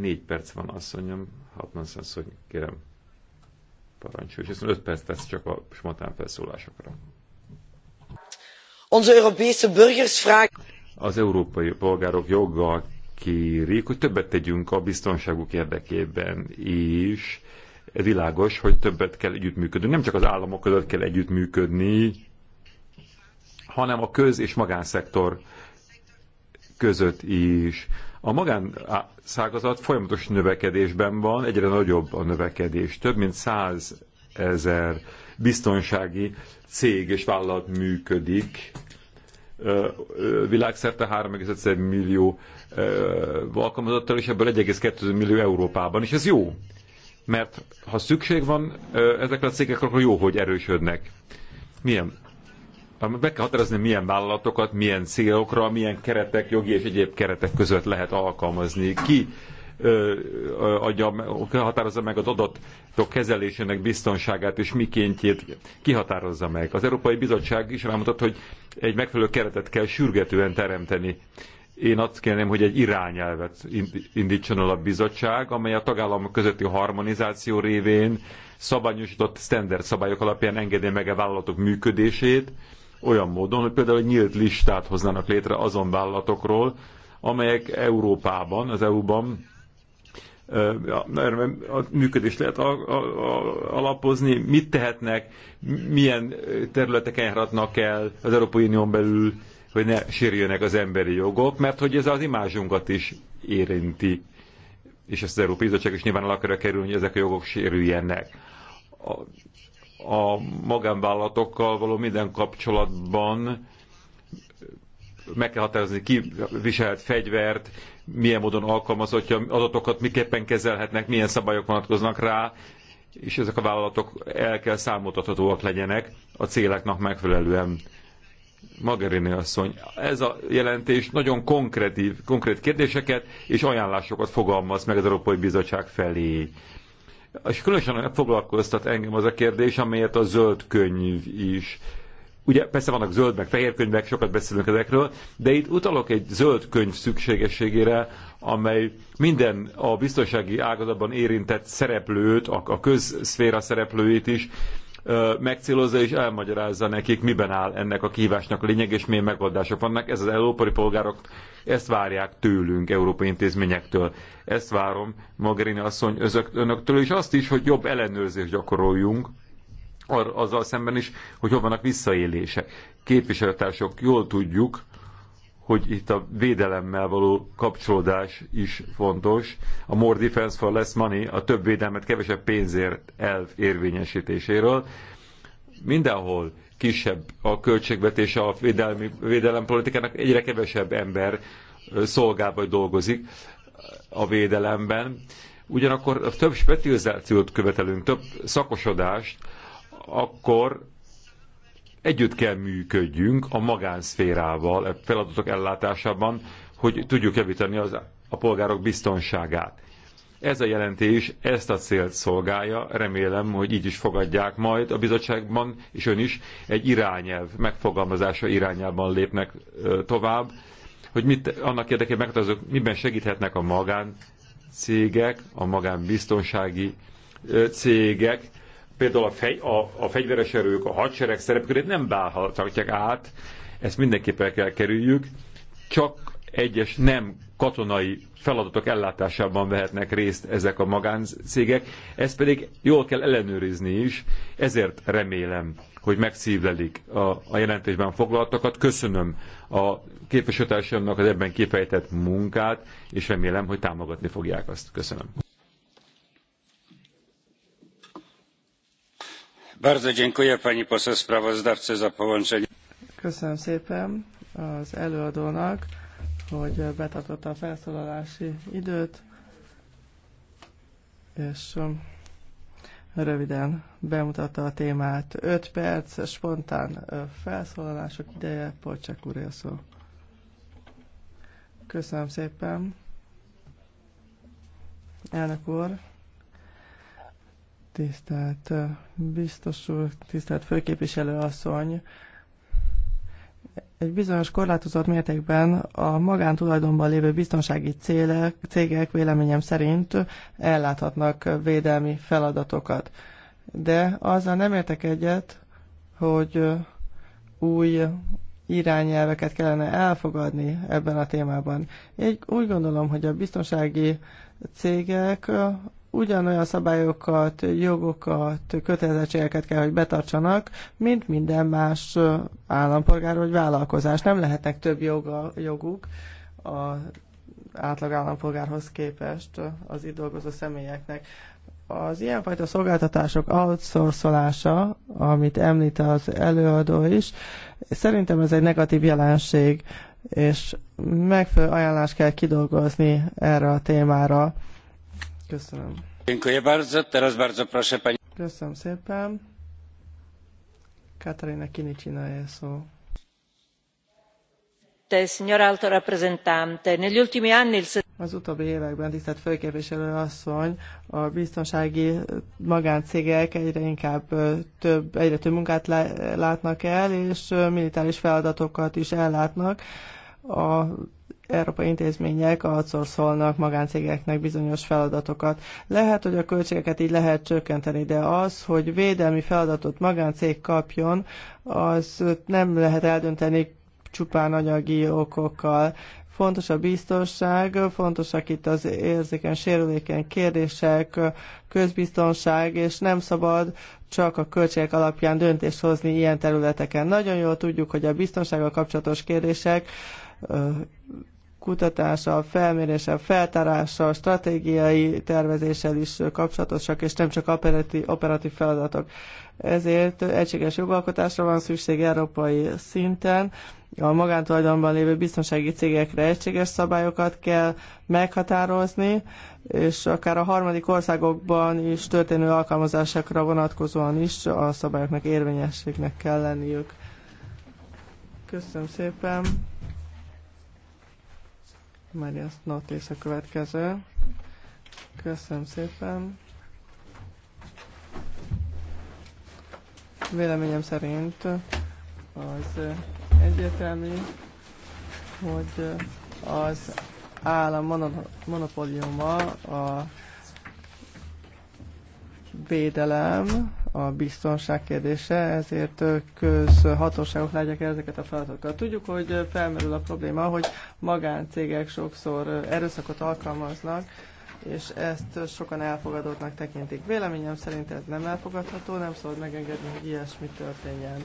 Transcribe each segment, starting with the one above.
Négy perc van, 60 szansz, hogy kérem, parancsolj. És 5 öt perc tesz csak a smatán felszólásokra. Onze burgers Az európai polgárok joggal kérik, hogy többet tegyünk a biztonságuk érdekében, is, világos, hogy többet kell együttműködni. Nem csak az államok között kell együttműködni, hanem a köz- és magánszektor között is. A magánszágazat folyamatos növekedésben van, egyre nagyobb a növekedés. Több mint 100 ezer biztonsági cég és vállalat működik. Világszerte 3,1 millió alkalmazattal, és ebből 1,2 millió Európában, és ez jó. Mert ha szükség van ezekre a cégekre, akkor jó, hogy erősödnek. Milyen meg kell határozni, milyen vállalatokat, milyen célokra, milyen keretek, jogi és egyéb keretek között lehet alkalmazni. Ki ö, adja, határozza meg az adatok kezelésének biztonságát és mikéntjét kihatározza meg. Az Európai Bizottság is rámutat, hogy egy megfelelő keretet kell sürgetően teremteni. Én azt kérném, hogy egy irányelvet indítson el a bizottság, amely a tagállamok közötti harmonizáció révén szabályosított standard szabályok alapján engedi meg a vállalatok működését, olyan módon, hogy például egy nyílt listát hoznának létre azon vállalatokról, amelyek Európában, az EU-ban a működést lehet alapozni, mit tehetnek, milyen területeken járhatnak el az Európai Unión belül, hogy ne sérüljenek az emberi jogok, mert hogy ez az imázsunkat is érinti, és ezt az Európai Bizottság is nyilván el akarja kerülni, hogy ezek a jogok sérüljenek a magánvállalatokkal való minden kapcsolatban meg kell határozni, ki viselt fegyvert, milyen módon alkalmazottja, adatokat miképpen kezelhetnek, milyen szabályok vonatkoznak rá, és ezek a vállalatok el kell számoltathatóak legyenek a céleknak megfelelően. Magarini asszony, ez a jelentés nagyon konkrét, konkrét kérdéseket és ajánlásokat fogalmaz meg az Európai Bizottság felé és különösen foglalkoztat engem az a kérdés, amelyet a zöld könyv is. Ugye persze vannak zöld meg fehér könyvek, sokat beszélünk ezekről, de itt utalok egy zöld könyv szükségességére, amely minden a biztonsági ágazatban érintett szereplőt, a, a közszféra szereplőit is megcélozza és elmagyarázza nekik, miben áll ennek a kihívásnak a lényeg, és milyen megoldások vannak. Ez az európai polgárok ezt várják tőlünk, európai intézményektől. Ezt várom, Magarini asszony, önöktől, és azt is, hogy jobb ellenőrzést gyakoroljunk, azzal szemben is, hogy hol vannak visszaélések. Képviselőtársok, jól tudjuk, hogy itt a védelemmel való kapcsolódás is fontos. A More Defense for Less Money, a több védelmet kevesebb pénzért elv érvényesítéséről. Mindenhol kisebb a költségvetés a védelmi, védelempolitikának, egyre kevesebb ember szolgál vagy dolgozik a védelemben. Ugyanakkor több specializációt követelünk, több szakosodást, akkor együtt kell működjünk a magánszférával, a e- feladatok ellátásában, hogy tudjuk javítani az, a polgárok biztonságát. Ez a jelentés ezt a célt szolgálja, remélem, hogy így is fogadják majd a bizottságban, és ön is egy irányelv megfogalmazása irányában lépnek tovább, hogy mit, annak érdekében meghatározok, miben segíthetnek a magán cégek, a magánbiztonsági cégek, például a, fegy, a, a fegyveres erők, a hadsereg szerepkörét nem válhatják át, ezt mindenképpen kell kerüljük, csak egyes nem katonai feladatok ellátásában vehetnek részt ezek a magáncégek, ezt pedig jól kell ellenőrizni is, ezért remélem, hogy megszívlelik a, a jelentésben foglaltakat. Köszönöm a képviselőtársamnak az ebben kifejtett munkát, és remélem, hogy támogatni fogják azt. Köszönöm. Bardzo dziękuję pani poseł sprawozdawcy za połączenie. Köszönöm szépen az előadónak hogy betartotta a felszólalási időt, és um, röviden bemutatta a témát. 5 perc, spontán felszólalások ideje, Polcsák úr szó. Köszönöm szépen. Elnök úr, tisztelt biztos úr, tisztelt főképviselő asszony, egy bizonyos korlátozott mértékben a magántulajdonban lévő biztonsági célek, cégek véleményem szerint elláthatnak védelmi feladatokat. De azzal nem értek egyet, hogy új irányelveket kellene elfogadni ebben a témában. Én úgy gondolom, hogy a biztonsági cégek ugyanolyan szabályokat, jogokat, kötelezettségeket kell, hogy betartsanak, mint minden más állampolgár vagy vállalkozás. Nem lehetnek több joga, joguk az átlag állampolgárhoz képest az itt dolgozó személyeknek. Az ilyenfajta szolgáltatások outsourcolása, amit említ az előadó is, szerintem ez egy negatív jelenség, és megfelelő ajánlást kell kidolgozni erre a témára Köszönöm. Köszönöm szépen. Katarina Kinicsina -e szó. Az utóbbi években, tisztelt főképviselő asszony, a biztonsági magáncégek egyre inkább több, egyre több munkát látnak el, és militáris feladatokat is ellátnak. A európai intézmények szólnak magáncégeknek bizonyos feladatokat. Lehet, hogy a költségeket így lehet csökkenteni, de az, hogy védelmi feladatot magáncég kapjon, az nem lehet eldönteni csupán anyagi okokkal. Fontos a biztonság, fontosak itt az érzéken, sérülékeny kérdések, közbiztonság, és nem szabad csak a költségek alapján döntést hozni ilyen területeken. Nagyon jól tudjuk, hogy a biztonsággal kapcsolatos kérdések kutatással, felméréssel, feltárással, stratégiai tervezéssel is kapcsolatosak, és nem csak operatív, operatív feladatok. Ezért egységes jogalkotásra van szükség európai szinten, a magántulajdonban lévő biztonsági cégekre egységes szabályokat kell meghatározni, és akár a harmadik országokban is történő alkalmazásokra vonatkozóan is a szabályoknak érvényességnek kell lenniük. Köszönöm szépen! Marias Notis a következő. Köszönöm szépen. Véleményem szerint az egyértelmű, hogy az állam monopóliuma a védelem, a biztonság kérdése, ezért közhatóságok látják el ezeket a feladatokat. Tudjuk, hogy felmerül a probléma, hogy magáncégek sokszor erőszakot alkalmaznak, és ezt sokan elfogadottnak tekintik. Véleményem szerint ez nem elfogadható, nem szabad megengedni, hogy ilyesmi történjen.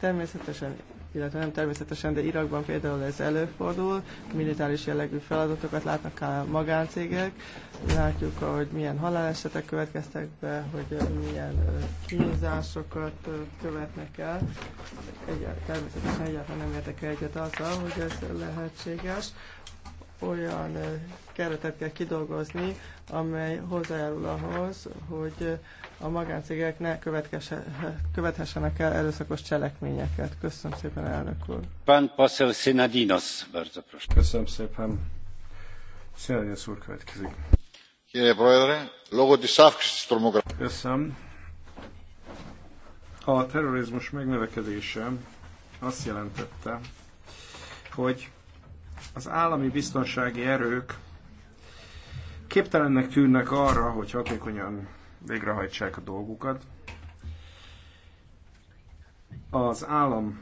Természetesen illetve nem természetesen, de Irakban például ez előfordul, militáris jellegű feladatokat látnak a magáncégek, látjuk, hogy milyen halálesetek következtek be, hogy milyen kínzásokat követnek el. Egyáltalán természetesen egyáltalán nem érdekel egyet azzal, hogy ez lehetséges olyan keretet kell kidolgozni, amely hozzájárul ahhoz, hogy a magáncégek ne követhessenek el erőszakos cselekményeket. Köszönöm szépen, elnök úr. Pán Paszel Szenadinos, Köszönöm szépen. Szenadinos úr következik. Köszönöm. A terrorizmus megnövekedése azt jelentette, hogy az állami biztonsági erők képtelennek tűnnek arra, hogy hatékonyan végrehajtsák a dolgukat. Az állam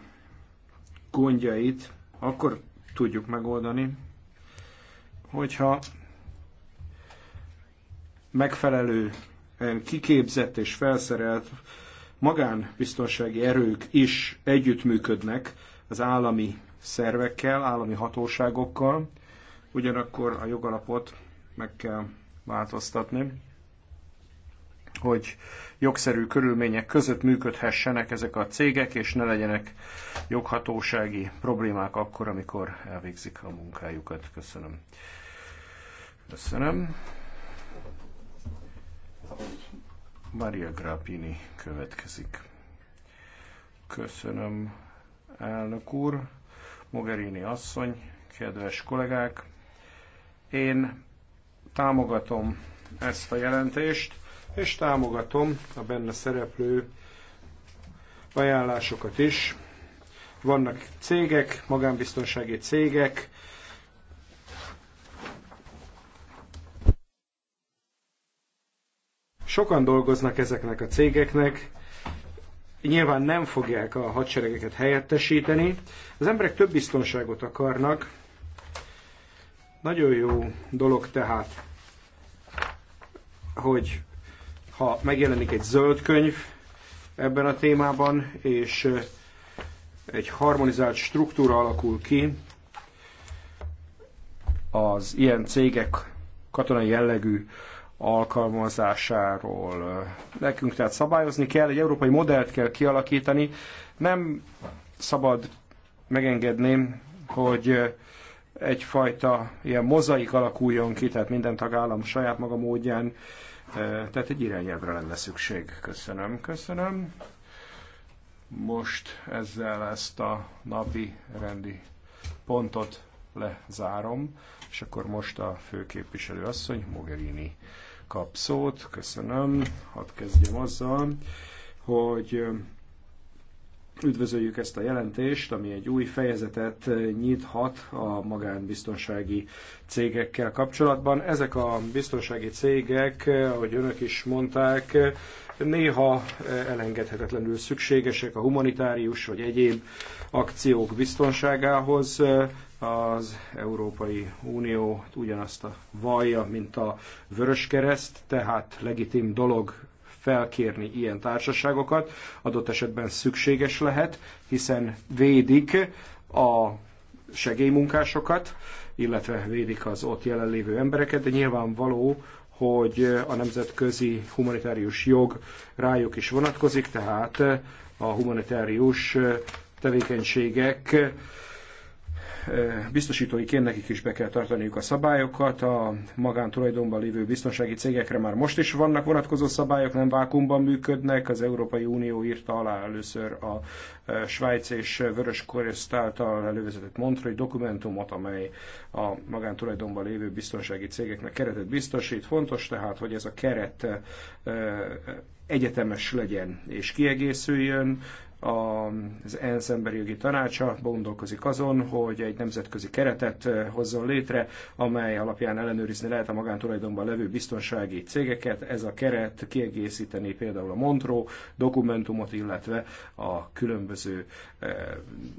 gondjait akkor tudjuk megoldani, hogyha megfelelő, kiképzett és felszerelt magánbiztonsági erők is együttműködnek az állami szervekkel, állami hatóságokkal, ugyanakkor a jogalapot meg kell változtatni, hogy jogszerű körülmények között működhessenek ezek a cégek, és ne legyenek joghatósági problémák akkor, amikor elvégzik a munkájukat. Köszönöm. Köszönöm. Maria Grappini következik. Köszönöm, elnök úr. Mogherini asszony, kedves kollégák! Én támogatom ezt a jelentést, és támogatom a benne szereplő ajánlásokat is. Vannak cégek, magánbiztonsági cégek, sokan dolgoznak ezeknek a cégeknek, nyilván nem fogják a hadseregeket helyettesíteni. Az emberek több biztonságot akarnak. Nagyon jó dolog tehát, hogy ha megjelenik egy zöld könyv ebben a témában, és egy harmonizált struktúra alakul ki az ilyen cégek katonai jellegű alkalmazásáról. Nekünk tehát szabályozni kell, egy európai modellt kell kialakítani. Nem szabad megengedném, hogy egyfajta ilyen mozaik alakuljon ki, tehát minden tagállam saját maga módján, tehát egy irányelvre lenne szükség. Köszönöm, köszönöm. Most ezzel ezt a napi rendi pontot lezárom, és akkor most a főképviselő asszony Mogherini kap szót. Köszönöm. Hadd kezdjem azzal, hogy üdvözöljük ezt a jelentést, ami egy új fejezetet nyithat a magánbiztonsági cégekkel kapcsolatban. Ezek a biztonsági cégek, ahogy önök is mondták, néha elengedhetetlenül szükségesek a humanitárius vagy egyéb akciók biztonságához, az Európai Unió ugyanazt a vallja, mint a vörös kereszt, tehát legitim dolog felkérni ilyen társaságokat, adott esetben szükséges lehet, hiszen védik a segélymunkásokat, illetve védik az ott jelenlévő embereket, de nyilvánvaló, hogy a nemzetközi humanitárius jog rájuk is vonatkozik, tehát a humanitárius tevékenységek biztosítói nekik is be kell tartaniuk a szabályokat, a magántulajdonban lévő biztonsági cégekre már most is vannak vonatkozó szabályok, nem vákumban működnek, az Európai Unió írta alá először a Svájc és Vörös Koreszt által elővezetett Montreux dokumentumot, amely a magántulajdonban lévő biztonsági cégeknek keretet biztosít. Fontos tehát, hogy ez a keret egyetemes legyen és kiegészüljön, az ENSZ emberi jogi tanácsa gondolkozik azon, hogy egy nemzetközi keretet eh, hozzon létre, amely alapján ellenőrizni lehet a magántulajdonban levő biztonsági cégeket. Ez a keret kiegészíteni például a Montró dokumentumot, illetve a különböző eh,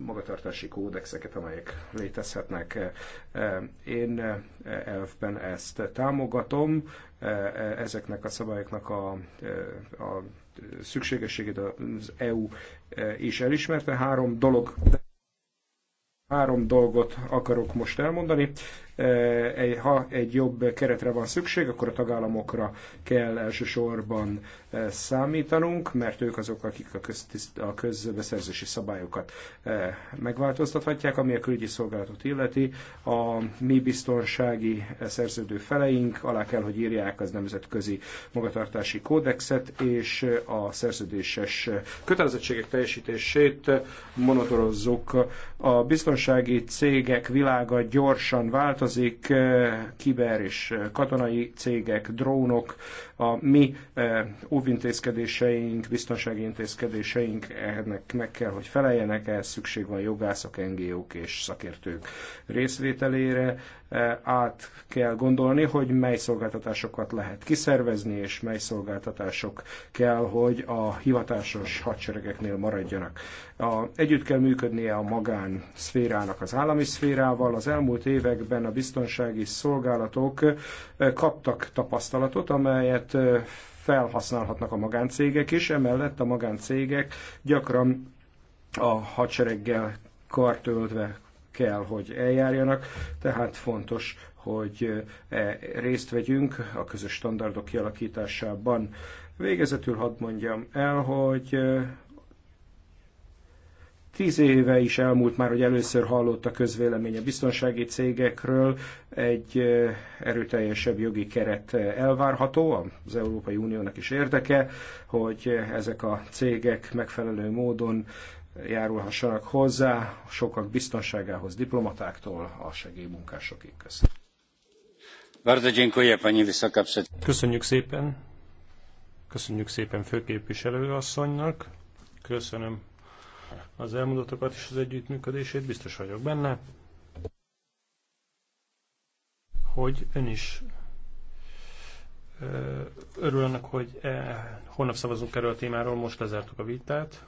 magatartási kódexeket, amelyek létezhetnek. Eh, én elfben ezt támogatom, ezeknek a szabályoknak a, a szükségességét az EU e, is elismerte. Három dolog, három dolgot akarok most elmondani. Eh, ha egy jobb keretre van szükség, akkor a tagállamokra kell elsősorban eh, számítanunk, mert ők azok, akik a, köz, a közbeszerzési szabályokat eh, megváltoztathatják, ami a külügyi szolgálatot illeti. A mi biztonsági szerződő feleink alá kell, hogy írják az nemzetközi magatartási kódexet és a szerződéses kötelezettségek teljesítését monitorozzuk. A biztonsági cégek világa gyorsan változik, tartozik, eh, kiber és eh, katonai cégek, drónok, a mi eh, óvintézkedéseink, biztonsági intézkedéseink ennek meg kell, hogy feleljenek, ehhez szükség van jogászok, NGO-k és szakértők részvételére. Át kell gondolni, hogy mely szolgáltatásokat lehet kiszervezni, és mely szolgáltatások kell, hogy a hivatásos hadseregeknél maradjanak. A, együtt kell működnie a magán szférának az állami szférával. Az elmúlt években a biztonsági szolgálatok eh, kaptak tapasztalatot, amelyet eh, felhasználhatnak a magáncégek is, emellett a magáncégek gyakran a hadsereggel kartöltve kell, hogy eljárjanak, tehát fontos, hogy eh, részt vegyünk a közös standardok kialakításában. Végezetül hadd mondjam el, hogy Tíz éve is elmúlt már, hogy először hallott a közvélemény a biztonsági cégekről. Egy erőteljesebb jogi keret elvárható, az Európai Uniónak is érdeke, hogy ezek a cégek megfelelő módon járulhassanak hozzá sokak biztonságához, diplomatáktól a segélymunkásokig. Köszönöm. Köszönjük szépen. Köszönjük szépen főképviselő asszonynak. Köszönöm az elmondottakat és az együttműködését, biztos vagyok benne, hogy ön is örül annak, hogy eh, holnap szavazunk erről a témáról, most lezártuk a vitát.